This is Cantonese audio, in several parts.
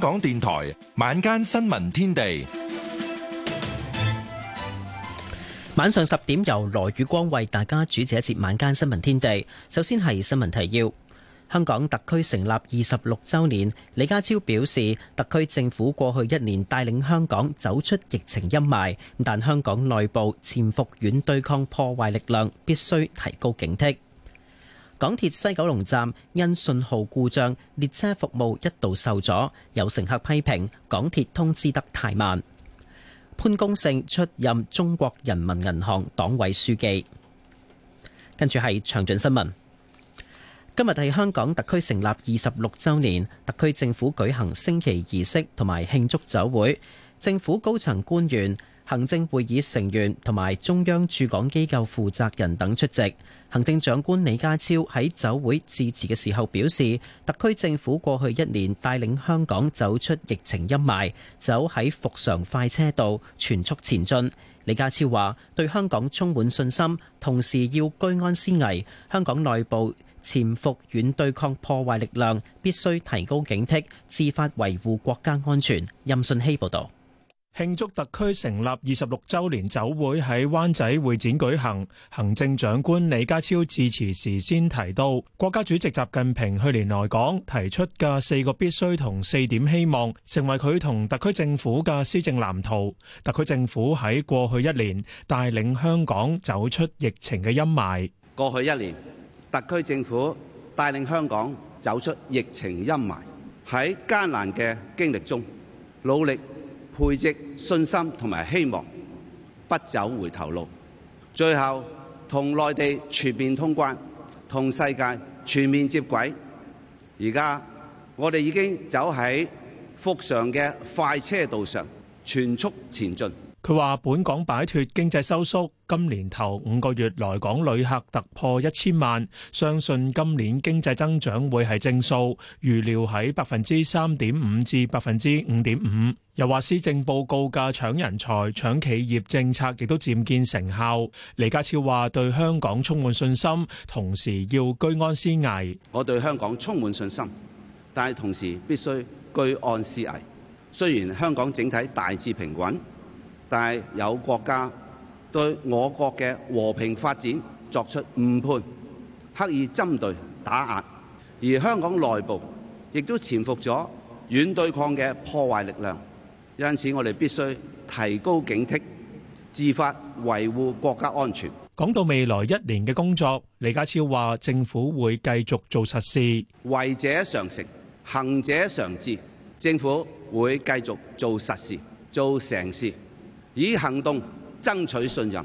香港電台晚間新聞天地，晚上十點由羅宇光為大家主持一節晚間新聞天地。首先係新聞提要：香港特區成立二十六周年，李家超表示，特區政府過去一年帶領香港走出疫情陰霾，但香港內部潛伏軟對抗破壞力量，必須提高警惕。港鐵西九龍站因信號故障，列車服務一度受阻，有乘客批評港鐵通知得太慢。潘功勝出任中國人民銀行黨委書記，跟住係詳盡新聞。今日係香港特區成立二十六周年，特區政府舉行升旗儀式同埋慶祝酒會，政府高層官員。行政會議成員同埋中央駐港機構負責人等出席。行政長官李家超喺酒會致辭嘅時候表示，特區政府過去一年帶領香港走出疫情陰霾，走喺復常快車道，全速前進。李家超話：對香港充滿信心，同時要居安思危，香港內部潛伏軟對抗破壞力量，必須提高警惕，自發維護國家安全。任信希報導。慶祝特區成立二十六周年酒會喺灣仔會展舉行。行政長官李家超致辭時先提到，國家主席習近平去年來港提出嘅四個必須同四點希望，成為佢同特區政府嘅施政藍圖。特區政府喺過去一年帶領香港走出疫情嘅陰霾。過去一年，特區政府帶領香港走出疫情陰霾。喺艱難嘅經歷中，努力。培植信心同埋希望，不走回頭路。最後同內地全面通關，同世界全面接軌。而家我哋已經走喺復常嘅快車道上，全速前進。佢話：本港擺脱經濟收縮。今年頭五個月來港旅客突破一千萬，相信今年經濟增長會係正數，預料喺百分之三點五至百分之五點五。又話施政報告嘅搶人才、搶企業政策亦都漸見成效。李家超話對香港充滿信心，同時要居安思危。我對香港充滿信心，但係同時必須居安思危。雖然香港整體大致平穩，但係有國家。對我國嘅和平發展作出誤判，刻意針對打壓，而香港內部亦都潛伏咗軟對抗嘅破壞力量，因此我哋必須提高警惕，自發維護國家安全。講到未來一年嘅工作，李家超話政府會繼續做實事，為者常成，行者常至，政府會繼續做實事，做成事，以行動，爭取信任，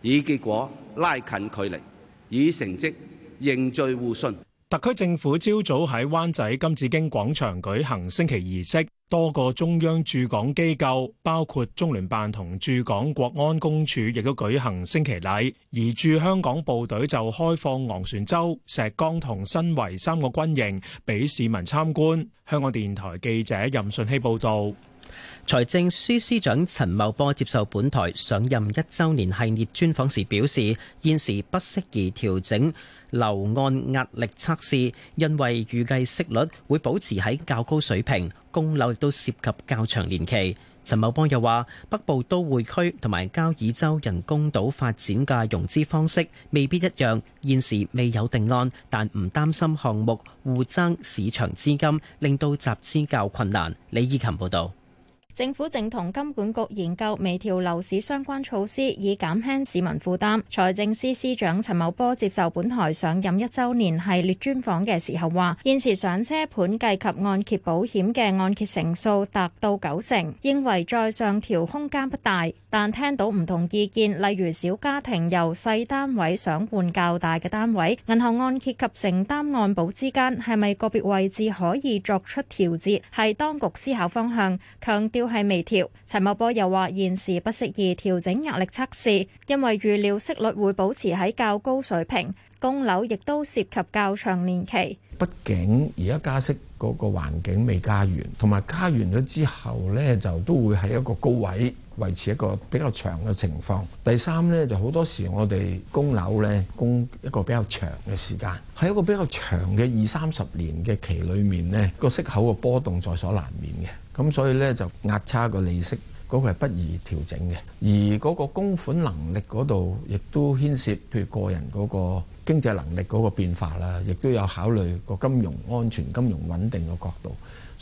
以結果拉近距離，以成績凝聚互信。特區政府朝早喺灣仔金紫荊廣場舉行升旗儀式，多個中央駐港機構，包括中聯辦同駐港國安公署，亦都舉行升旗禮。而駐香港部隊就開放昂船洲、石崗同新圍三個軍營俾市民參觀。香港電台記者任順希報導。財政司司長陳茂波接受本台上任一週年系列專訪時表示，現時不適宜調整樓按壓力測試，因為預計息率會保持喺較高水平，供樓亦都涉及較長年期。陳茂波又話：北部都會區同埋交椅洲人工島發展嘅融資方式未必一樣，現時未有定案，但唔擔心項目互爭市場資金，令到集資較困難。李依琴報道。政府正同金管局研究微調樓市相關措施，以減輕市民負擔。財政司司長陳茂波接受本台上任一周年系列專訪嘅時候話，現時上車盤計及按揭保險嘅按揭成數達到九成，認為再上調空間不大。但聽到唔同意見，例如小家庭由細單位想換較大嘅單位，銀行按揭及承擔按保之間，係咪個別位置可以作出調節，係當局思考方向。強調。都係微調。陳茂波又話，現時不適宜調整壓力測試，因為預料息率會保持喺較高水平。供樓亦都涉及較長年期，畢竟而家加息嗰個環境未加完，同埋加完咗之後呢，就都會喺一個高位維持一個比較長嘅情況。第三呢，就好多時我哋供樓呢，供一個比較長嘅時間，喺一個比較長嘅二三十年嘅期裡面呢，個息口嘅波動在所難免嘅。咁所以呢，就壓差個利息嗰個係不宜調整嘅，而嗰個供款能力嗰度亦都牽涉譬如個人嗰個。經濟能力嗰個變化啦，亦都有考慮個金融安全、金融穩定嘅角度。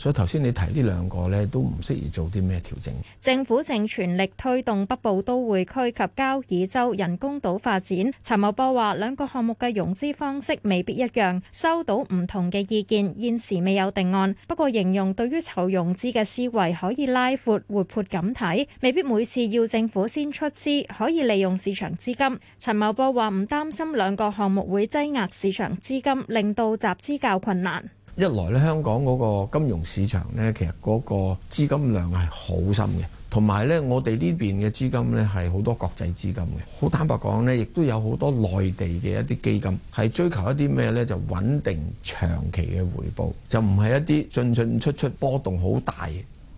所以頭先你提呢兩個咧，都唔適宜做啲咩調整。政府正全力推動北部都會區及交椅洲人工島發展。陳茂波話兩個項目嘅融資方式未必一樣，收到唔同嘅意見，現時未有定案。不過形容對於籌融資嘅思維可以拉闊活潑咁睇，未必每次要政府先出資，可以利用市場資金。陳茂波話唔擔心兩個項目會擠壓市場資金，令到集資較困難。一來咧，香港嗰個金融市場呢，其實嗰個資金量係好深嘅，同埋呢，我哋呢邊嘅資金呢，係好多國際資金嘅。好坦白講呢，亦都有好多內地嘅一啲基金係追求一啲咩呢？就穩定長期嘅回報，就唔係一啲進進出出波動好大、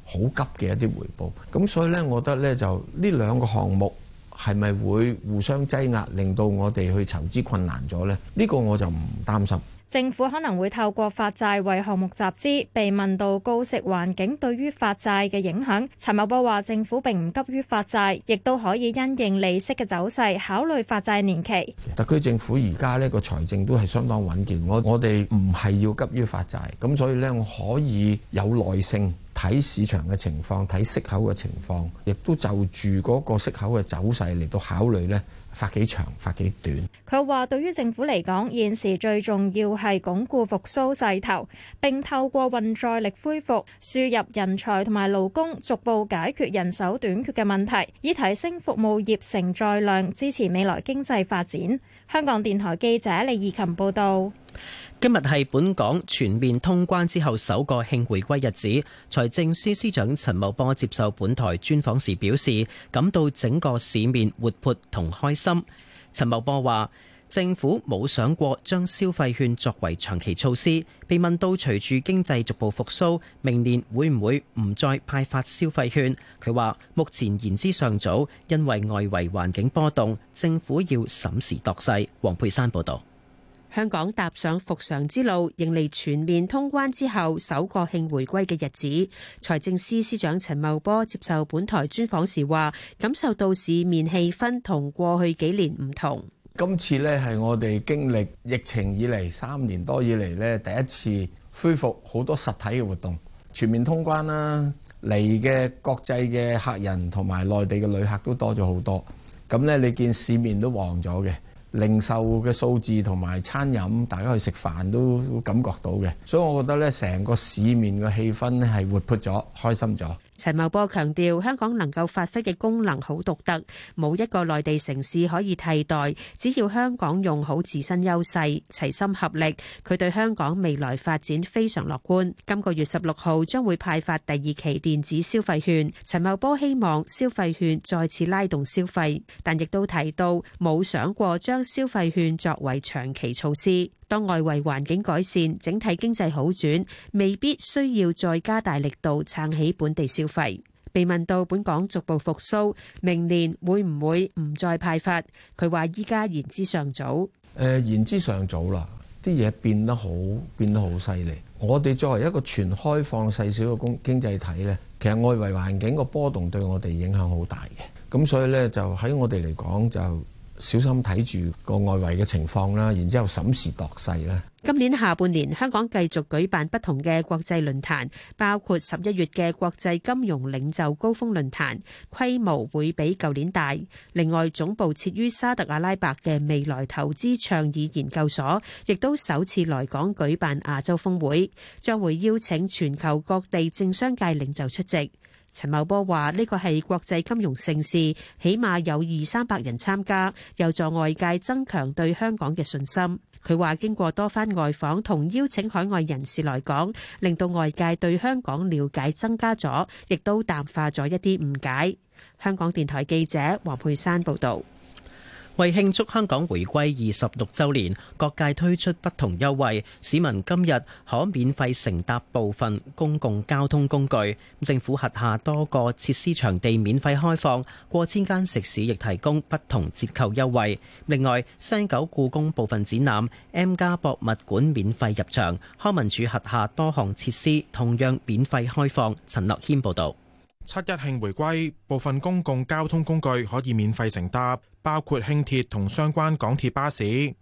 好急嘅一啲回報。咁所以呢，我覺得呢，就呢兩個項目係咪會互相擠壓，令到我哋去籌資困難咗呢？呢個我就唔擔心。政府可能會透過發債為項目集資。被問到高息環境對於發債嘅影響，陳茂波話：政府並唔急於發債，亦都可以因應利息嘅走勢考慮發債年期。特區政府而家呢個財政都係相當穩健，我我哋唔係要急於發債，咁所以呢，我可以有耐性睇市場嘅情況，睇息口嘅情況，亦都就住嗰個息口嘅走勢嚟到考慮呢，發幾長，發幾短。佢話：對於政府嚟講，現時最重要係鞏固復甦勢頭，並透過運載力恢復，輸入人才同埋勞工，逐步解決人手短缺嘅問題，以提升服務業承載量，支持未來經濟發展。香港電台記者李義琴報道。今日係本港全面通關之後首個慶回歸日子，財政司司長陳茂波接受本台專訪時表示，感到整個市面活潑同開心。陳茂波話：政府冇想過將消費券作為長期措施。被問到隨住經濟逐步復甦，明年會唔會唔再派發消費券？佢話：目前言之尚早，因為外圍環境波動，政府要審時度勢。黃佩珊報導。香港踏上復常之路，迎嚟全面通關之後首個慶回歸嘅日子。財政司司長陳茂波接受本台專訪時話，感受到市面氣氛同過去幾年唔同。今次呢係我哋經歷疫情以嚟三年多以嚟呢第一次恢復好多實體嘅活動，全面通關啦，嚟嘅國際嘅客人同埋內地嘅旅客都多咗好多。咁呢，你見市面都旺咗嘅。零售嘅數字同埋餐飲，大家去食飯都感覺到嘅，所以我覺得呢，成個市面嘅氣氛咧係活潑咗、開心咗。陳茂波強調，香港能夠發揮嘅功能好獨特，冇一個內地城市可以替代。只要香港用好自身優勢，齊心合力，佢對香港未來發展非常樂觀。今個月十六號將會派發第二期電子消費券，陳茂波希望消費券再次拉動消費，但亦都提到冇想過將消費券作為長期措施。當外圍環境改善，整體經濟好轉，未必需要再加大力度撐起本地消費。被問到本港逐步復甦，明年會唔會唔再派發？佢話依家言之尚早。誒、呃，言之尚早啦，啲嘢變得好，變得好犀利。我哋作為一個全開放細小嘅工經濟體呢，其實外圍環境個波動對我哋影響好大嘅。咁所以呢，就喺我哋嚟講就。小心睇住個外圍嘅情況啦，然之後審時度勢啦。今年下半年香港繼續舉辦不同嘅國際論壇，包括十一月嘅國際金融領袖高峰論壇，規模會比舊年大。另外，總部設於沙特阿拉伯嘅未來投資倡議研究所，亦都首次來港舉辦亞洲峰會，將會邀請全球各地政商界領袖出席。陳茂波話：呢個係國際金融盛事，起碼有二三百人參加，有助外界增強對香港嘅信心。佢話經過多番外訪同邀請海外人士來港，令到外界對香港了解增加咗，亦都淡化咗一啲誤解。香港電台記者黃佩珊報道。為慶祝香港回歸二十六週年，各界推出不同優惠，市民今日可免費乘搭部分公共交通工具。政府轄下多個設施場地免費開放，過千間食肆亦提供不同折扣優惠。另外，西九故宮部分展覽 M+ 博物館免費入場。康文署轄下多項設施同樣免費開放。陳樂軒報導。七一慶回歸，部分公共交通工具可以免費乘搭。包括輕鐵同相關港鐵巴士，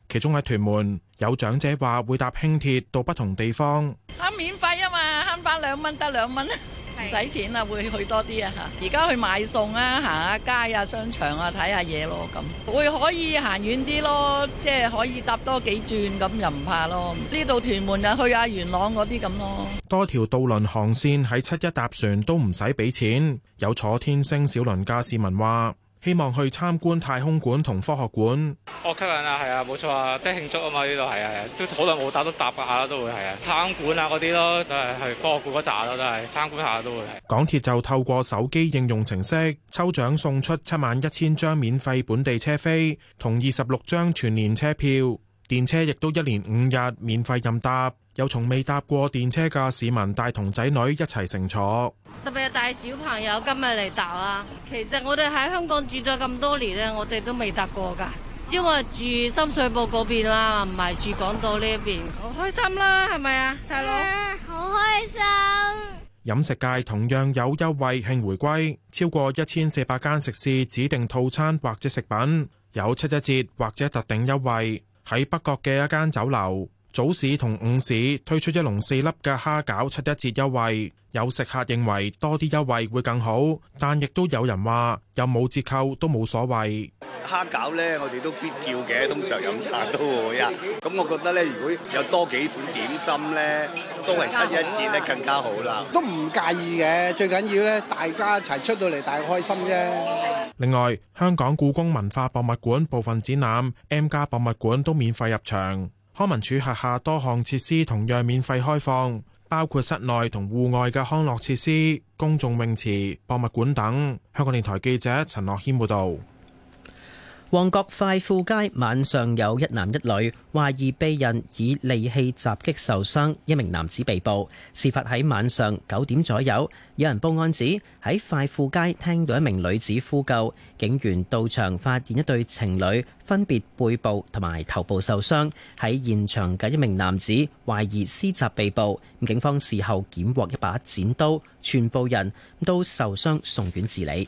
其中喺屯門有長者話會搭輕鐵到不同地方。慳免費啊嘛，慳翻兩蚊得兩蚊，唔使錢啊，會去多啲啊。而家去買餸啊，行下街啊，商場啊，睇下嘢咯咁，會可以行遠啲咯，即係可以搭多幾轉咁，又唔怕咯。呢度屯門又去下元朗嗰啲咁咯。多條渡輪航線喺七一搭船都唔使俾錢，有坐天星小輪嘅市民話。希望去參觀太空館同科學館，好吸引啊！係啊，冇錯啊，即係慶祝啊嘛，呢度係啊，都好耐冇打到搭下啦，都會係啊，太空館啊嗰啲咯，誒，係科學館嗰扎咯，都係參觀下都會係。港鐵就透過手機應用程式抽獎送出七萬一千張免費本地車票同二十六張全年車票。電車亦都一連五日免費任搭，有從未搭過電車嘅市民帶同仔女一齊乘坐，特別係帶小朋友今日嚟搭啊。其實我哋喺香港住咗咁多年咧，我哋都未搭過噶，因為住深水埗嗰邊啦，唔係住港島呢邊。好開心啦，係咪啊？細佬好開心。飲食界同樣有優惠慶回歸，超過一千四百間食肆指定套餐或者食品有七一折或者特定優惠。喺北角嘅一間酒樓。早市同午市推出一籠四粒嘅蝦餃七一折優惠，有食客認為多啲優惠會更好，但亦都有人話有冇折扣都冇所謂。蝦餃呢，我哋都必叫嘅，通常飲茶都會啊。咁我覺得呢，如果有多幾款點心呢，都係七一折呢更加好啦。都唔介意嘅，最緊要呢，大家一齊出到嚟，大開心啫。另外，香港故宮文化博物館部分展覽，M 家博物館都免費入場。康文署轄下多項設施同樣免費開放，包括室內同戶外嘅康樂設施、公眾泳池、博物館等。香港電台記者陳樂謙報道。旺角快富街晚上有一男一女懷疑被人以利器襲擊受傷，一名男子被捕。事發喺晚上九點左右，有人報案指喺快富街聽到一名女子呼救，警員到場發現一對情侶分別背部同埋頭部受傷，喺現場嘅一名男子懷疑施襲被捕。咁警方事後檢獲一把剪刀，全部人都受傷送院治理。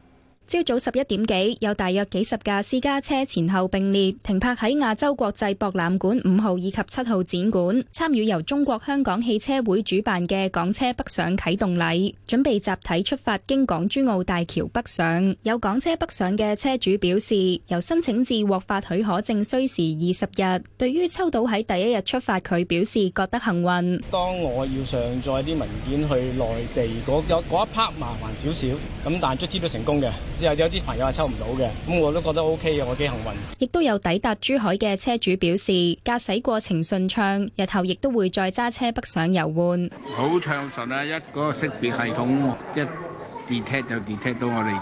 朝早十一點幾，有大約幾十架私家車前後並列停泊喺亞洲國際博覽館五號以及七號展館，參與由中國香港汽車會主辦嘅港車北上啟動禮，準備集體出發經港珠澳大橋北上。有港車北上嘅車主表示，由申請至獲發許可證需時二十日，對於抽到喺第一日出發，佢表示覺得幸運。當我要上載啲文件去內地嗰有一 part 麻煩少少，咁但係卒之都成功嘅。有啲朋友係抽唔到嘅，咁我都覺得 OK 嘅，我幾幸運的。亦都有抵達珠海嘅車主表示，駕駛過程順暢，日後亦都會再揸車北上遊玩。好暢順啊！一嗰個識別系統一 detect 就 detect 到我哋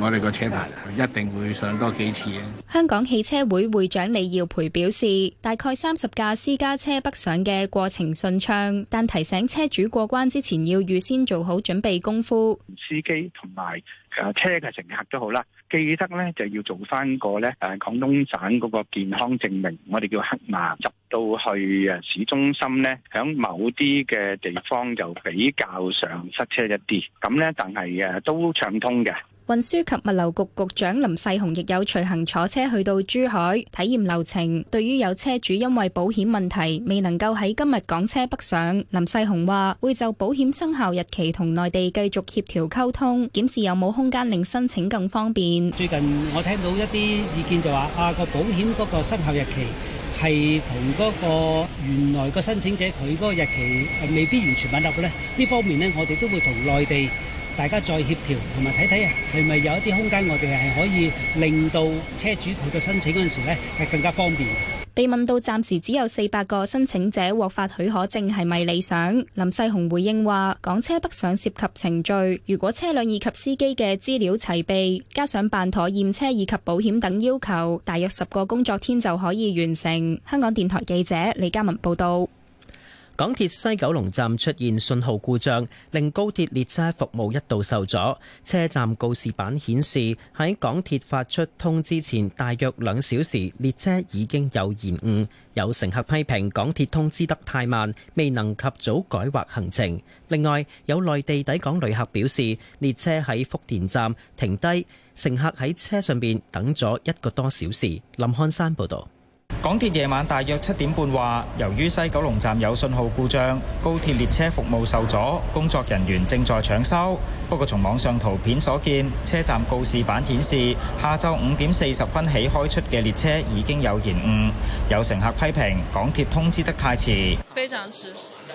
我哋個車牌，一定會上多幾次啊！香港汽車會會長李耀培表示，大概三十架私家車北上嘅過程順暢，但提醒車主過關之前要預先做好準備功夫。司機同埋。誒，車嘅乘客都好啦，記得咧就要做翻個咧，誒，廣東省嗰個健康證明，我哋叫黑馬，入到去誒市中心咧，響某啲嘅地方就比較上塞車一啲，咁咧但係誒都暢通嘅。運輸及物流局局長林世雄亦有隨行坐車去到珠海體驗流程。對於有車主因為保險問題未能夠喺今日港車北上，林世雄話會就保險生效日期同內地繼續協調溝通，檢視有冇空間令申請更方便。最近我聽到一啲意見就話啊個保險嗰個生效日期係同嗰個原來個申請者佢嗰個日期未必完全吻合咧，呢方面呢，我哋都會同內地。大家再協調同埋睇睇，係咪有，有一啲空間，我哋係可以令到車主佢嘅申請嗰陣時咧係更加方便。被問到暫時只有四百個申請者獲發許可證係咪理想，林世雄回應話：港車北上涉及程序，如果車輛以及司機嘅資料齊備，加上辦妥驗車以及保險等要求，大約十個工作天就可以完成。香港電台記者李嘉文報道。港鐵西九龍站出現信號故障，令高鐵列車服務一度受阻。車站告示板顯示，喺港鐵發出通知前大約兩小時，列車已經有延誤。有乘客批評港鐵通知得太慢，未能及早改劃行程。另外，有內地抵港旅客表示，列車喺福田站停低，乘客喺車上面等咗一個多小時。林漢山報導。港鐵夜晚大約七點半，話，由於西九龍站有信號故障，高鐵列車服務受阻，工作人員正在搶修。不過從網上圖片所見，車站告示板顯示下晝五點四十分起開出嘅列車已經有延誤，有乘客批評港鐵通知得太遲。非常遲。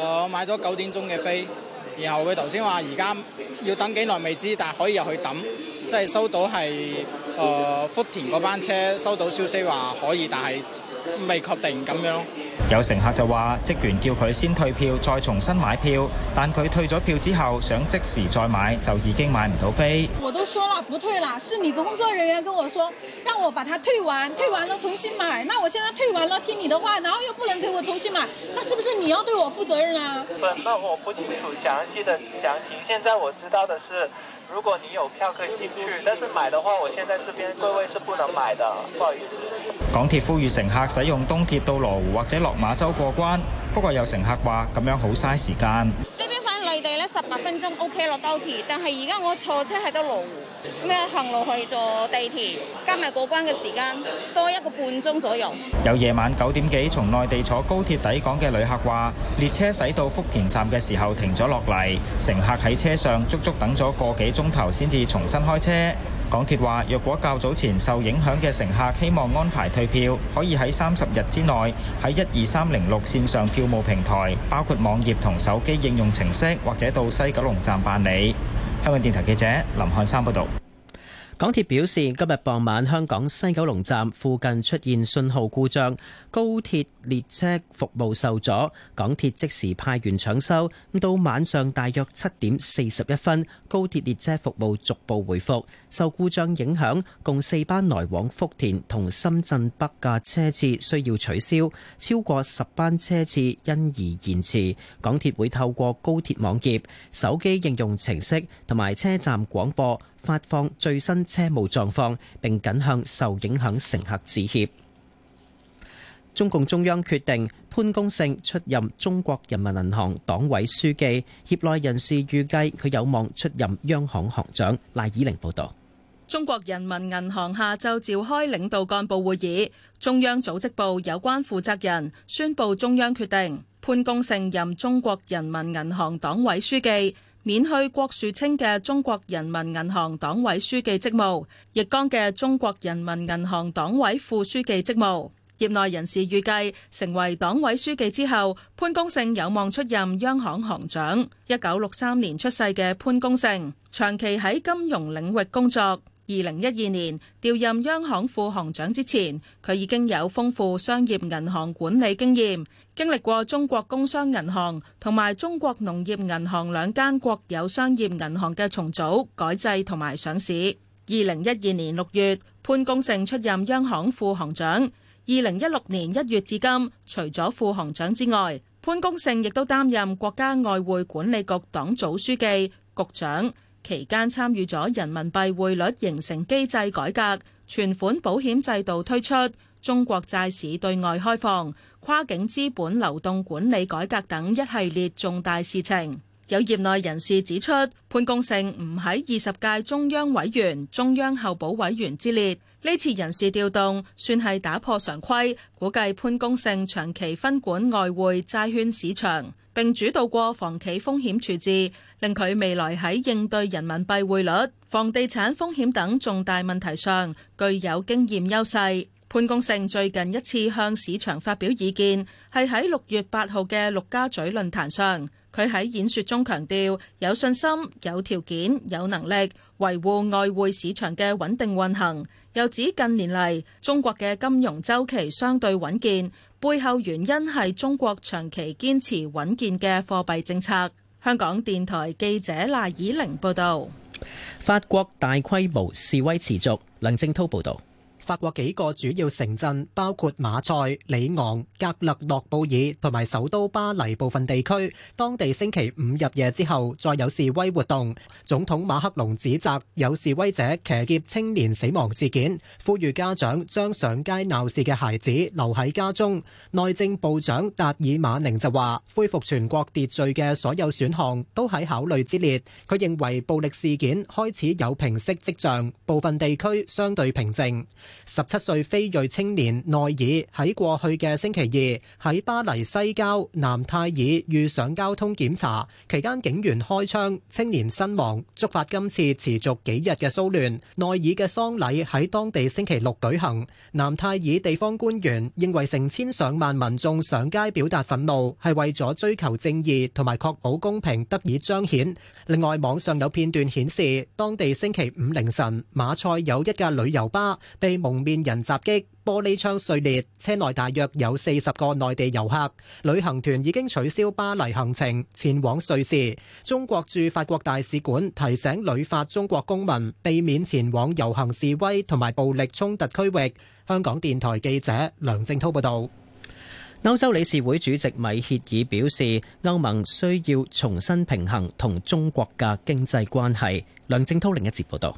我買咗九點鐘嘅飛，然後佢頭先話而家要等幾耐未知，但係可以入去等，即係收到係。呃，福田嗰班車收到消息話可以，但係未確定咁樣。有乘客就話職員叫佢先退票，再重新買票。但佢退咗票之後想即時再買，就已經買唔到飛。我都說了不退啦，是你的工作人員跟我說讓我把它退完，退完了重新買。那我現在退完了，聽你的話，然後又不能給我重新買，那是不是你要對我負責任啊？嗯，那我不清楚詳細的詳情。現在我知道的是。如果你有票可以進去，但是買的話，我現在這邊櫃位是不能買的，不好意思。港鐵呼籲乘客使用東鐵到羅湖或者落馬洲過關，不過有乘客話咁樣好嘥時間。你哋咧，十八分鐘 OK 落高鐵，但係而家我坐車喺得羅湖，咩行路去坐地鐵，加埋過關嘅時間多一個半鐘左右。有夜晚九點幾從內地坐高鐵抵港嘅旅客話，列車駛到福田站嘅時候停咗落嚟，乘客喺車上足足等咗個幾鐘頭先至重新開車。港鐵話：若果較早前受影響嘅乘客希望安排退票，可以喺三十日之內喺一二三零六線上票務平台，包括網頁同手機應用程式，或者到西九龍站辦理。香港電台記者林漢山報道。港鐵表示，今日傍晚香港西九龍站附近出現信號故障，高鐵列車服務受阻，港鐵即時派員搶修。咁到晚上大約七點四十一分，高鐵列車服務逐步回復。受故障影響，共四班來往福田同深圳北嘅車次需要取消，超過十班車次因而延遲。港鐵會透過高鐵網頁、手機應用程式同埋車站廣播發放最新車務狀況，並緊向受影響乘客致歉。中共中央決定潘功勝出任中國人民銀行黨委書記，業內人士預計佢有望出任央行行長。賴以玲報道：中國人民銀行下晝召開領導幹部會議，中央組織部有關負責人宣布中央決定，潘功勝任中國人民銀行黨委書記，免去郭樹清嘅中國人民銀行黨委書記職務，易綱嘅中國人民銀行黨委副書記職務。業內人士預計，成為黨委書記之後，潘功勝有望出任央行行長。一九六三年出世嘅潘功勝，長期喺金融領域工作。二零一二年調任央行副行長之前，佢已經有豐富商業銀行管理經驗，經歷過中國工商銀行同埋中國農業銀行兩間國有商業銀行嘅重組、改制同埋上市。二零一二年六月，潘功勝出任央行副行長。二零一六年一月至今，除咗副行長之外，潘功勝亦都擔任國家外匯管理局黨組書記、局長，期間參與咗人民幣匯率形成機制改革、存款保險制度推出、中國債市對外開放、跨境資本流動管理改革等一系列重大事情。有業內人士指出，潘功勝唔喺二十屆中央委員、中央候補委員之列。呢次人事調動算係打破常規，估計潘功勝長期分管外匯債券市場，並主導過房企風險處置，令佢未來喺應對人民幣匯率、房地產風險等重大問題上具有經驗優勢。潘功勝最近一次向市場發表意見，係喺六月八號嘅陸家嘴論壇上。佢喺演說中強調有信心、有條件、有能力維護外匯市場嘅穩定運行。又指近年嚟中國嘅金融周期相對穩健，背後原因係中國長期堅持穩健嘅貨幣政策。香港電台記者賴以玲報道。法國大規模示威持續，林正濤報道。法國幾個主要城鎮，包括馬賽、里昂、格勒諾布爾同埋首都巴黎部分地區，當地星期五入夜之後再有示威活動。總統馬克龍指責有示威者騎劫青年死亡事件，呼籲家長將上街鬧事嘅孩子留喺家中。內政部長達爾馬寧就話，恢復全國秩序嘅所有選項都喺考慮之列。佢認為暴力事件開始有平息跡象，部分地區相對平靜。十七歲非裔青年奈爾喺過去嘅星期二喺巴黎西郊南泰爾遇上交通檢查，期間警員開槍，青年身亡，觸發今次持續幾日嘅騷亂。奈爾嘅喪禮喺當地星期六舉行。南泰爾地方官員認為成千上萬民眾上街表達憤怒係為咗追求正義同埋確保公平得以彰顯。另外網上有片段顯示，當地星期五凌晨馬賽有一架旅遊巴被蒙面人襲擊，玻璃窗碎裂，車內大約有四十個內地遊客。旅行團已經取消巴黎行程，前往瑞士。中國駐法國大使館提醒旅法中國公民避免前往遊行示威同埋暴力衝突區域。香港電台記者梁正滔報導。歐洲理事會主席米歇爾表示，歐盟需要重新平衡同中國嘅經濟關係。梁正滔另一節報導。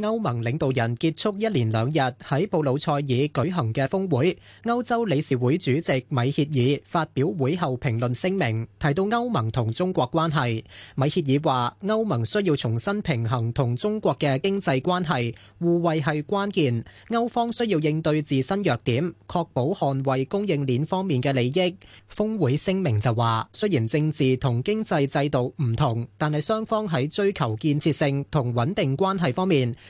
歐盟領導人結束一連兩日喺布魯塞爾舉行嘅峰會，歐洲理事會主席米歇爾發表會後評論聲明，提到歐盟同中國關係。米歇爾話：歐盟需要重新平衡同中國嘅經濟關係，互惠係關鍵。歐方需要應對自身弱點，確保捍衛供應鏈方面嘅利益。峰會聲明就話：雖然政治同經濟制度唔同，但係雙方喺追求建設性同穩定關係方面。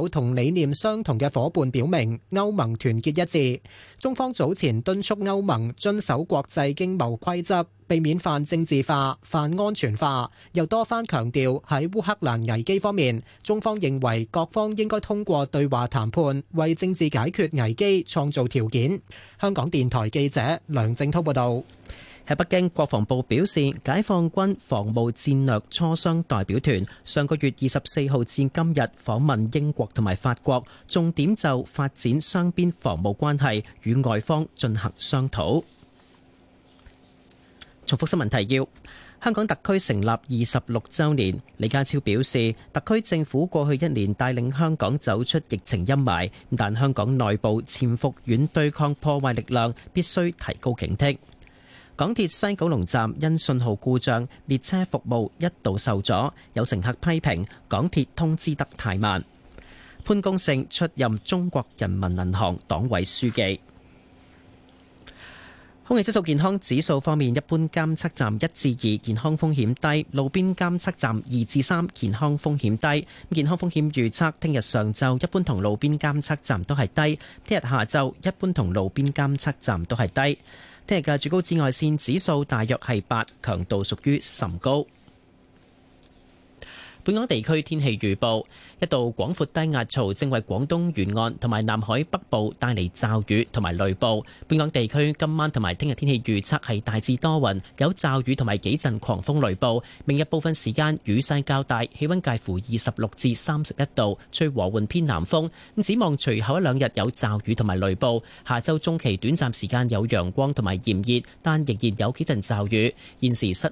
有同理念相同嘅夥伴表明，歐盟團結一致。中方早前敦促歐盟遵守國際經貿規則，避免泛政治化、泛安全化。又多番強調喺烏克蘭危機方面，中方認為各方應該通過對話談判，為政治解決危機創造條件。香港電台記者梁正濤報道。喺北京，國防部表示，解放軍防務戰略磋商代表團上個月二十四號至今日訪問英國同埋法國，重點就發展雙邊防務關係與外方進行商討。重複新聞提要：香港特區成立二十六週年，李家超表示，特區政府過去一年帶領香港走出疫情陰霾，但香港內部潛伏院對抗破壞力量，必須提高警惕。港鐵西九龍站因信號故障，列車服務一度受阻，有乘客批評港鐵通知得太慢。潘功勝出任中國人民銀行黨委書記。空氣質素健康指數方面，一般監測站一至二，健康風險低；路邊監測站二至三，健康風險低。健康風險預測，聽日上晝一般同路邊監測站都係低；聽日下晝一般同路邊監測站都係低。聽日嘅最高紫外線指數大約係八，強度屬於甚高。本港地區天氣預報：一道廣闊低壓槽正為廣東沿岸同埋南海北部帶嚟驟雨同埋雷暴。本港地區今晚同埋聽日天氣預測係大致多雲，有驟雨同埋幾陣狂風雷暴。明日部分時間雨勢較大，氣溫介乎二十六至三十一度，吹和緩偏南風。咁展望隨後一兩日有驟雨同埋雷暴。下周中期短暫時間有陽光同埋炎熱，但仍然有幾陣驟雨。現時室